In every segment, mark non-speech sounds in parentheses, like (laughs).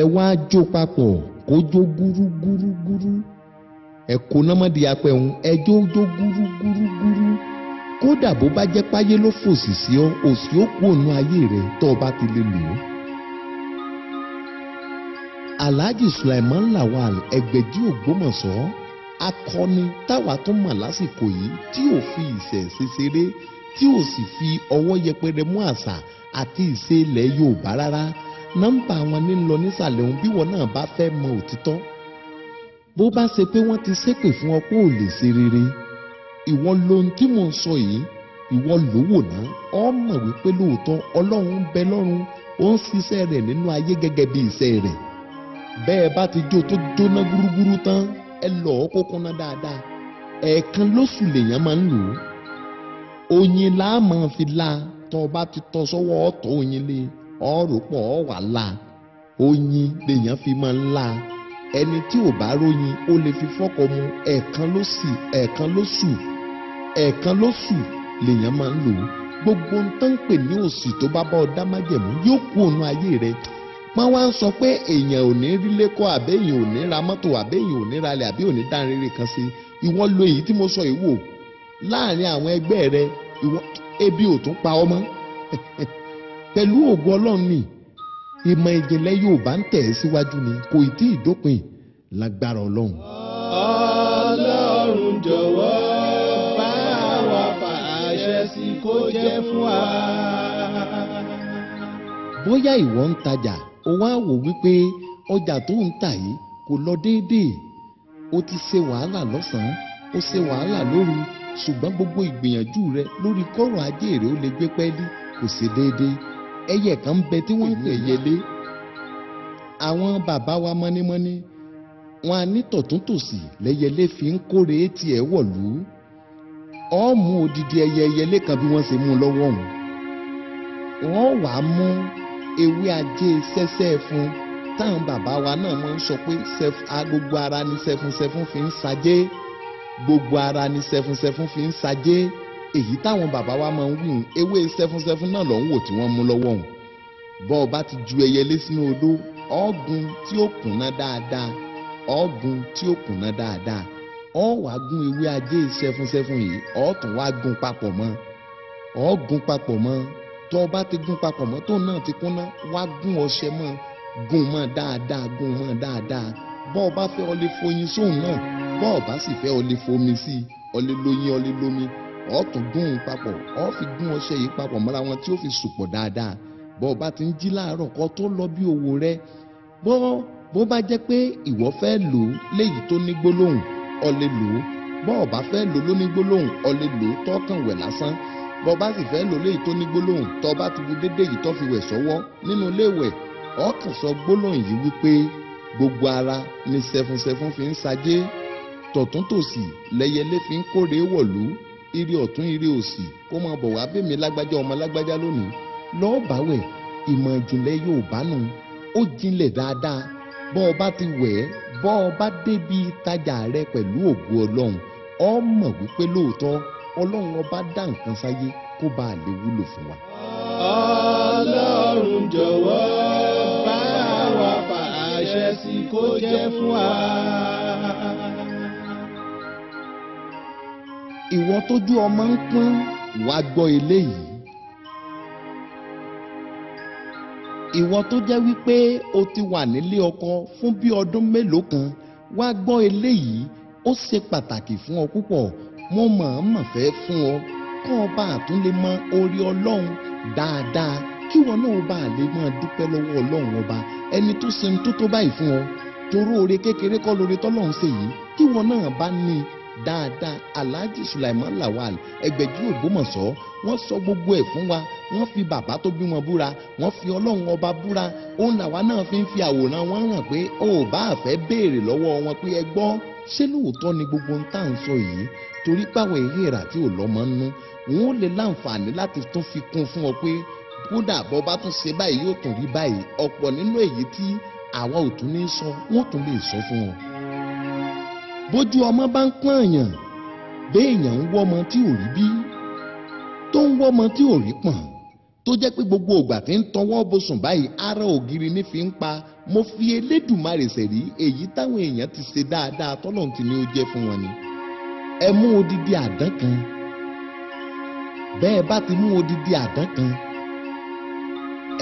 ẹ wá jó papọ̀ kó jó gúrúgúrúgúrú ẹ kó námọ́dé apẹ̀hún ẹ jó jó gúrúgúrúgúrú kódà bó bá jẹ́ páyé ló fòsì sí ọ òsì ó kú ònú ayé rẹ tó o bá ti lè lò ó. Alhaji Sulaiman Lawal Ẹgbẹ̀jí Ògbómọ̀ṣọ́ akọni táwa tó mọ̀ lásìkò yìí tí ò fi ìṣẹ̀ṣe ṣeré tí ò sì fi ọwọ́ yẹpẹrẹ mú àṣà àti ìṣe ilẹ̀ Yorùbá rárá nọ́mbà wọn ní lọ nísàlẹ̀ òun bí wọn náà bá fẹ́ mọ òtítọ́ bó bá ṣe pé wọ́n ti ṣépè fún ọ pé ò lè ṣe rere ìwọ lohun tí mò ń sọ yìí ìwọ ló wò ná ọ mọ̀ wípé lóòótọ́ ọlọ́run ń bẹ lọ́run ó ń ṣiṣẹ́ rẹ̀ nínú ayé gẹ́gẹ́ bí iṣẹ́ rẹ̀ bẹ́ẹ̀ bá ti jó tó jóná gúrúgúrú tán ẹ lọ ọ kó kúnná dáadáa ẹ̀ẹ̀kan lóṣù lèèyàn máa ń lò ó oyin la fi la tọ́ ọ bá ti tọ́ sọ́wọ́ ọ̀tọ̀ oyin lé e ọ̀rùpọ̀ wà la oyin lèèyàn fi máa ń la ẹni tí ò bá róyin ó lè fi fọ́kọ mu ẹ̀ẹ̀kan ló sì ẹ̀ẹ̀kan ló sù ẹ̀ẹ̀kan ló sù lèèyàn máa ń lò ó gbogbo ń tán pè ní òsì tó bá bá ọ dá májẹ̀mú yóò kú òun ayé rẹ wọ́n wá ń sọ pé èèyàn ò ní rí lẹ́kọ́ àbẹ́yìn ò ní ra mọ́tò àbẹ́yìn ò ní ra ralẹ̀ àbí ò ní dá rere kan sí ìwọ lo èyí tí mo sọ yìí wò láàrin àwọn ẹgbẹ́ rẹ ìwọ ebi ò tún pa ọmọ (laughs) pẹ̀lú ògo ọlọ́run ni ìmọ̀ ìjìnlẹ̀ Yorùbá ń tẹ̀ síwájú ni kò tí ì dópin lágbára ọlọ́run. ọlọ́run jọ̀wọ́ bá wa fà àṣẹ sí kó jẹ́ fún wa. bóyá ìwọ ń tajà ó wá wò wípé ọjà tó ń tà yìí kò lọ déédéé ó ti ṣe wàhálà lọ́sàn-án ó ṣe wàhálà lóru ṣùgbọ́n gbogbo ìgbìyànjú rẹ lórí kọ́rọ̀ ajé rẹ ó lè gbé pẹ́ẹ́lí kò ṣe déédéé ẹyẹ kan bẹ tí wọ́n ń pè yẹlé àwọn bàbá wa mọ́nímọ́ní wọn a ní tọ̀túntòsì lẹ́yẹlé fi ń kórè tiẹ̀ wọ̀lú ọ́ mú odidi ẹyẹ ẹyẹlé kan bí wọ́n ṣe mú lọ́wọ́ òun wọ́n wàá mú ewé ajé sẹ́sẹ́ fún táwọn bàbá wa náà máa ń sọ pé gbogbo ara ni sẹ́fúnsẹ́fún fi ń sajé gbogbo ara ni sẹ́fúnsẹ́fún fi ń sajé èyí táwọn bàbá wa máa ń wí hun ewé seven seven náà ló ń wò tí wọ́n mú lọ́wọ́ hun bọ́ ọ bá ti ju ẹyẹlé sínú odó ọ̀ọ́gun tí ó kùnà dáadáa ọ̀ọ́gun tí ó kùnà dáadáa ọ̀ wá gún ewé ajé seven seven yìí ọ̀ọ́tún wá gún papọ̀ mọ́ ọ̀ọ́gun papọ̀ mọ́ tó o bá ti gún papọ̀ mọ́ tó náà ti kúnná wá gún ọṣẹ mọ́ gún mọ́ dáadáa gún mọ́ dáadáa bọ́ ọ bá fẹ́ ọ lè foyin sóun náà bọ́ ọ bá sì fẹ́ ọ lè fomi sí ọ lè lóyin ọ lè lómi ọ̀ tún gún un papọ̀ ọ̀ fi gún ọṣẹ yìí papọ̀ mọ́ra wọn tí ó fi sùpọ̀ dáadáa bọ́ ọ bá ti ń jí láàárọ̀ kó tó lọ bí owó rẹ bọ́ bó bá jẹ́ pé ìwọ fẹ́ lò ó léyìí tó ní gbólóhùn o lè lò ó bọ́ ọ bá fẹ́ lò ó ló ní gbólóhùn o lè lò ó tọ́kàn wẹ̀ lásán bọ́ bá sì fẹ́ lò ó léyìí tó ní gbólóhùn tọ́ bá ti bu dédé yìí tó fi wẹ̀ sọ́wọ́ nínú ilé ìwẹ̀ ọkàn sọ gbólóhùn yìí wípé gbogbo ara ni sẹfúnsẹfún fi ń sajé tọ̀túntòsì lẹyẹlé fi ń kórè wọ̀lú ire ọ̀tún ire òsì kó máa bọ̀ wá bẹ́ẹ̀ mi lágbájá ọmọ lágbájá lónìí lọ́ọ́ bá wẹ̀ ìmọ̀ ìjìnlẹ̀ Yorùbá nù ó jinlẹ̀ dáadáa bọ́ ọ bá ti wẹ̀ ẹ́ bọ́ ọ bá débi ìtajà rẹ pẹ̀lú ògo Ọlọ́run ọ mọ̀ wípé lóòótọ́ Ọlọ́run ọba dá nǹkan sáyé kó bá a lè wúlò fún wa. Ọlọ́run jọ̀wọ́ bá wa pa àṣẹ sí kó jẹ́ fún wa. ìwọ tójú ọmọ ń pọ́n wá gbọ́ eléyìí ìwọ tó jẹ́ wípé o ti wà nílé ọkọ fún bí ọdún mélòó kan wá gbọ́ eléyìí ó ṣe pàtàkì fún ọ púpọ̀ mo mọ̀ọ́mọ̀ fẹ́ fún ọ kọ́ ọ bá tún lè mọ orí ọlọ́run dáadáa kí wọn náà bá lè máa dúpẹ́ lọ́wọ́ ọlọ́run ọba ẹni tó ṣe ń tó tó báyìí fún ọ torí oore kékeré kọ́ lóore tọ́lọ́run ṣe yìí kí wọn náà bá ní i dáadáa alhaji sulaiman lawal ẹgbẹ̀jú ògbómọ̀ṣọ́ wọ́n sọ gbogbo ẹ̀ fún wa wọ́n fi bàbá tó bí wọn búra wọ́n fi ọlọ́run ọba búra òun làwa náà fi ń fi àwòrán wọn hàn pé ó bá àfẹ́ béèrè lọ́wọ́ wọn pé ẹ gbọ́ ṣé lóòótọ́ ni gbogbo ń tà ń sọ yìí torí páwọ̀ èyí rà tí ò lọ́mọ nú wọn ò lè láǹfààní láti tún fi kún fún ọ pé kódà bọ́ bá tún ṣe báyìí yóò tún rí báyìí ọ̀pọ̀ nínú èyí tí àwa ò tún ní sọ wọn ò tún lè sọ fún wọn bójú ọmọ bá ń pọ́n èèyàn béèyàn ń wọ́mọ tí ò rí bí tó ń wọ́mọ tí ò rí pọ̀n tó jẹ́ pé gbogbo ògbà tí ń tanwọ́ bosùn báyìí ara ògiri ní fi ń pa mo fi elédùnmarè sẹ̀rí èyí táwọn èèyàn ti ṣe dáadáa tọ́lọ́run ti ní ó jẹ́ fún wọn ni ẹ mú odidi àdán kan bẹ́ẹ̀ bá ti mú odidi àdán kan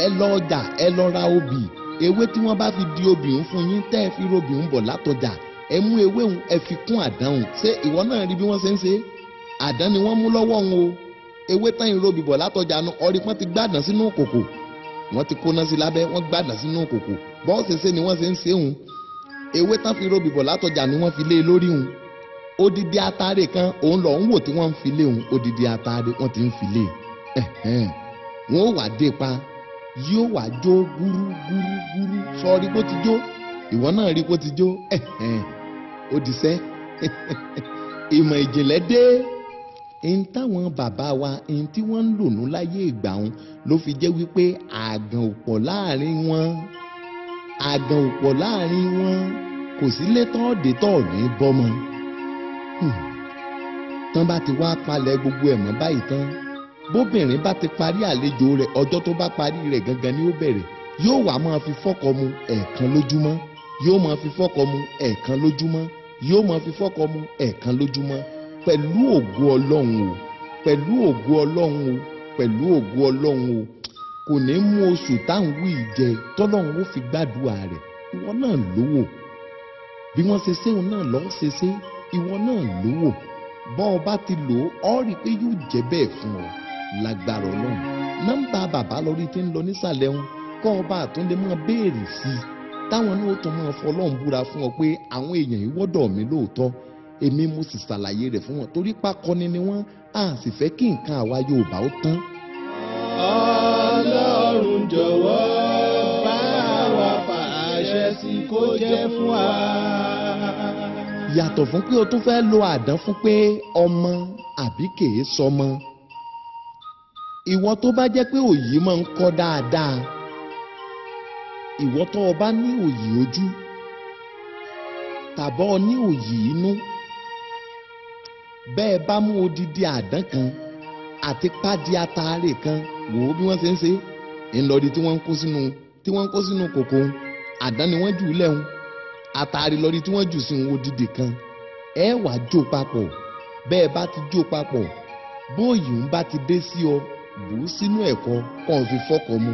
ẹ lọ ọjà ẹ lọ ra obì ewé tí wọ́n bá fi di obì ń fún yín tẹ́ ẹ fi robì ń bọ̀ látọjà ẹ mú ewé òun ẹ fi kún àdánù ṣé ìwọ náà rí bí wọ́n ṣe ń ṣe àdán ni wọ́n mú lọ́wọ́ òun o ewé tán ìrobì bọ̀ látọjà nu ọrí pọ́n ti gbàdán sínú òkòkò wọ́n ti kóná sí lábẹ́ wọ́n gbàdán sínú òkòkò bọ́ọ̀sì ṣe ni wọ́n ṣe ń ṣe òun ewé tán fi ìrobì bọ̀ látọjà ni wọ́n fi lé e lórí òun odidi atare kan òun lọ ń wò tí wọ́n ń fi lé òun odidi atare wọ́n ti ń fi lé e. wọn ò wá dé e pa yóò wá jó gúrúgúrúgúrú sọ rí kó ti jó ìwọ náà rí kó ti jó ó diṣẹ́ ìmọ̀ ìjìnlẹ̀ dé n táwọn bàbá wa n tí wọ́n ń lònú láyé ìgbà wọn ló fi jẹ́ wípé àgàn ò pọ̀ láàrin wọn àgàn ò pọ̀ láàrin wọn kò sí létọ́ọ̀dé tọ̀ọ̀ní bọ́mọ. Hmm. tán bá ti wá palẹ̀ gbogbo ẹ̀ mọ́ báyìí tán bóbìnrin bá ti parí àlejò rẹ̀ ọjọ́ tó bá parí rẹ̀ gangan ni ó bẹ̀rẹ̀ yóò wá máa fi fọ́kọ mu ẹ̀ẹ̀kan lójúmọ́ yóò máa fi fọ́kọ mu ẹ̀ẹ̀kan lójúmọ́ yóò máa fi fọ́kọ mu ẹ̀ẹ̀kan lójúmọ́ pẹ̀lú ògo ọlọ́run o pẹ̀lú ògo ọlọ́run o pẹ̀lú ògo ọlọ́run o kò ní mú oṣù táwọn wí jẹ tọ́lọ́run ó fi gbàdúrà rẹ̀ ìwọ náà lówó bí wọ́n ṣe ṣéun náà lọ́ọ́ ṣe ṣe ìwọ náà lówó bọ́ ọ bá ti lò ó ọ́ rí i pé yóò jẹ́ bẹ́ẹ̀ fún ọ lágbára ọlọ́run nọ́mbà bàbá lórí ti ń lọ nísàlẹ̀ wọn kọ́ ọ àtúndé mọ́ béèrè sí i táwọn náà tún máa fọ ọlọ́run búra fún ọ pé àwọn èèyàn yìí wọ́dọ̀ mi lóòótọ́ èmi mo sì ṣàlàyé rẹ̀ fún wọn torí pákọ́ni ni wọ́n á sì fẹ́ kí nǹkan àwa Yorùbá ó tán. Ọlọ́run jọ̀wọ́ bá wa pàṣẹ sí kó jẹ́ fún wa. yàtọ̀ fún pé o tún fẹ́ lo àdán fún pé ọmọ àbí kèé sọmọ ìwọ tó bá jẹ́ pé òyì máa ń kọ́ dáadáa ìwọ tó o bá ní òyì ojú tàbọ́ ọ ní òyì inú bẹ́ẹ̀ bá mú odidi àdán kan àti pádi ataare kan wò ó bí wọ́n ṣe ń ṣe ńlọrí tí wọ́n ń kó sínú tí wọ́n ń kó sínú kòkó àdán ni wọ́n jù lẹ́hùn ataare lọ́rí tí wọ́n jù sí odidi kan ẹ wá jó papọ̀ bẹ́ẹ̀ bá ti jó papọ̀ bóyì ń bá ti dé sí ọ bù ú sínú ẹ̀kọ kọ́ fi fọ́kọ̀ mu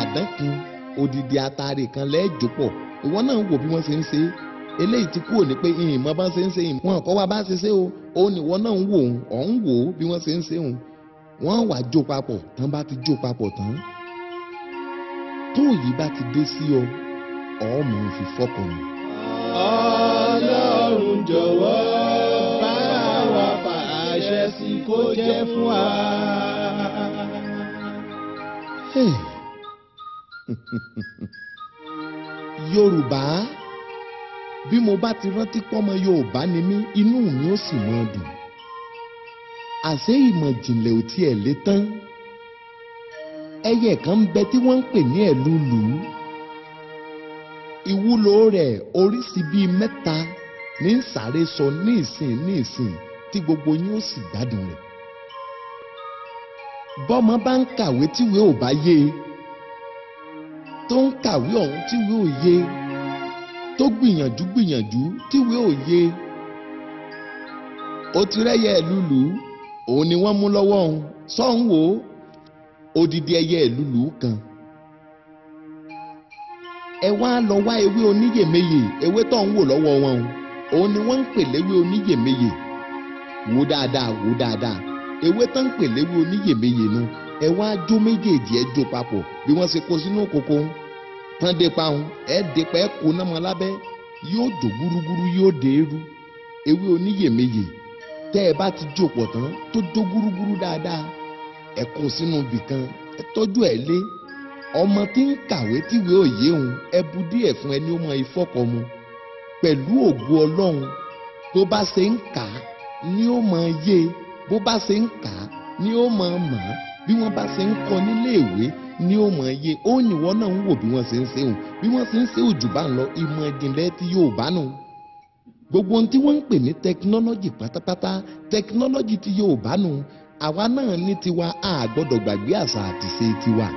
àdán kan odidi atare kan lẹ́ẹ̀jọ́ pọ̀ ìwọ náà wò bí wọ́n ṣe ń ṣe é eléyìí ti kúrò ní pé ìmọ̀ bá ṣe ń ṣe ìmọ̀ wọn kọ́ wa bá ṣe ṣe o ó ní ìwọ náà ń wò ó ọ̀ ń wò ó bí wọ́n ṣe ń ṣe òun wọ́n wà jó papọ̀ tán bá ti jó papọ̀ tán tó yìí bá ti dé sí ọ ọmọ fi fọkàn ọlọ́run jọ̀wọ́ bá wa pàṣẹ sí kó jẹ́ fún wa. Hey yorùbá bí mo bá ti rántí pọ́mọ yorùbá ni mí inú mi ó sì mọ́ dùn àṣé ìmọ̀ ìjìnlẹ̀ ò tiẹ̀ lé tán ẹyẹ kan ń bẹ tí wọ́n ń pè ní ẹ̀lúlù ìwúlò rẹ̀ oríṣi bíi mẹ́ta ní ń sọ ní ìsìn ní ìsìn tí gbogbo yín ó sì gbádùn rẹ̀ bọ́mọ bá ń kàwé tíwèé ò bá yé e tó ń kàwé ọ̀hún tíwé òye tó gbìyànjú gbìyànjú tíwé òye ó ti rẹ́yẹ lulu, òun ni wọ́n mú lọ́wọ́ òun sọ́hún wò ó odidi ẹyẹ ìlúlù kan ẹ wá lọ wá ewé oníyèméyè ewé tó ń wò lọ́wọ́ wọn o òun ni wọ́n ń pè léwé oníyèméyè wò dáadáa wò dáadáa ewé tó ń pè léwé oníyèméyè nu. No ẹ wá jó méjèèjì ẹ jó papọ̀ bí wọ́n ṣe kó sínú kòkó ń tán dé pa ń ẹ dé pa ẹ kó náà mọ́ lábẹ́ yóò jó gúrúgúrú yóò dé eru ewé oníyèméyè tẹ́ ẹ bá ti jó pọ̀ tán tó jó gúrúgúrú dáadáa ẹ kó sínú bìkan ẹ tọ́jú ẹ lé ọmọ tí ń kàwé tíwèé òye òun ẹ bu díẹ̀ fún ẹni ó mọ ìfọ́kọ̀ mu pẹ̀lú ògo ọlọ́run tó bá ṣe ń kà á ni ó mọ yé bó bá ṣe ń kà á ni ó mọ mọ̀ ọ́ bí wọ́n bá ṣe ń kọ́ níléèwé ní ó mọ̀ iye ó níwọ́ náà ń wò bí wọ́n ṣe ń ṣe òun bí wọ́n ṣe ń ṣe òjò bá ń lọ ìmọ̀ ìjìnlẹ̀ tí yóò bá nù. gbogbo ohun tí wọ́n ń pè ní tẹkinọ́lọ́jì pátápátá tẹkinọ́lọ́jì tí yóò bá nù àwa náà ní tiwa a àṣà àtìṣe tiwa.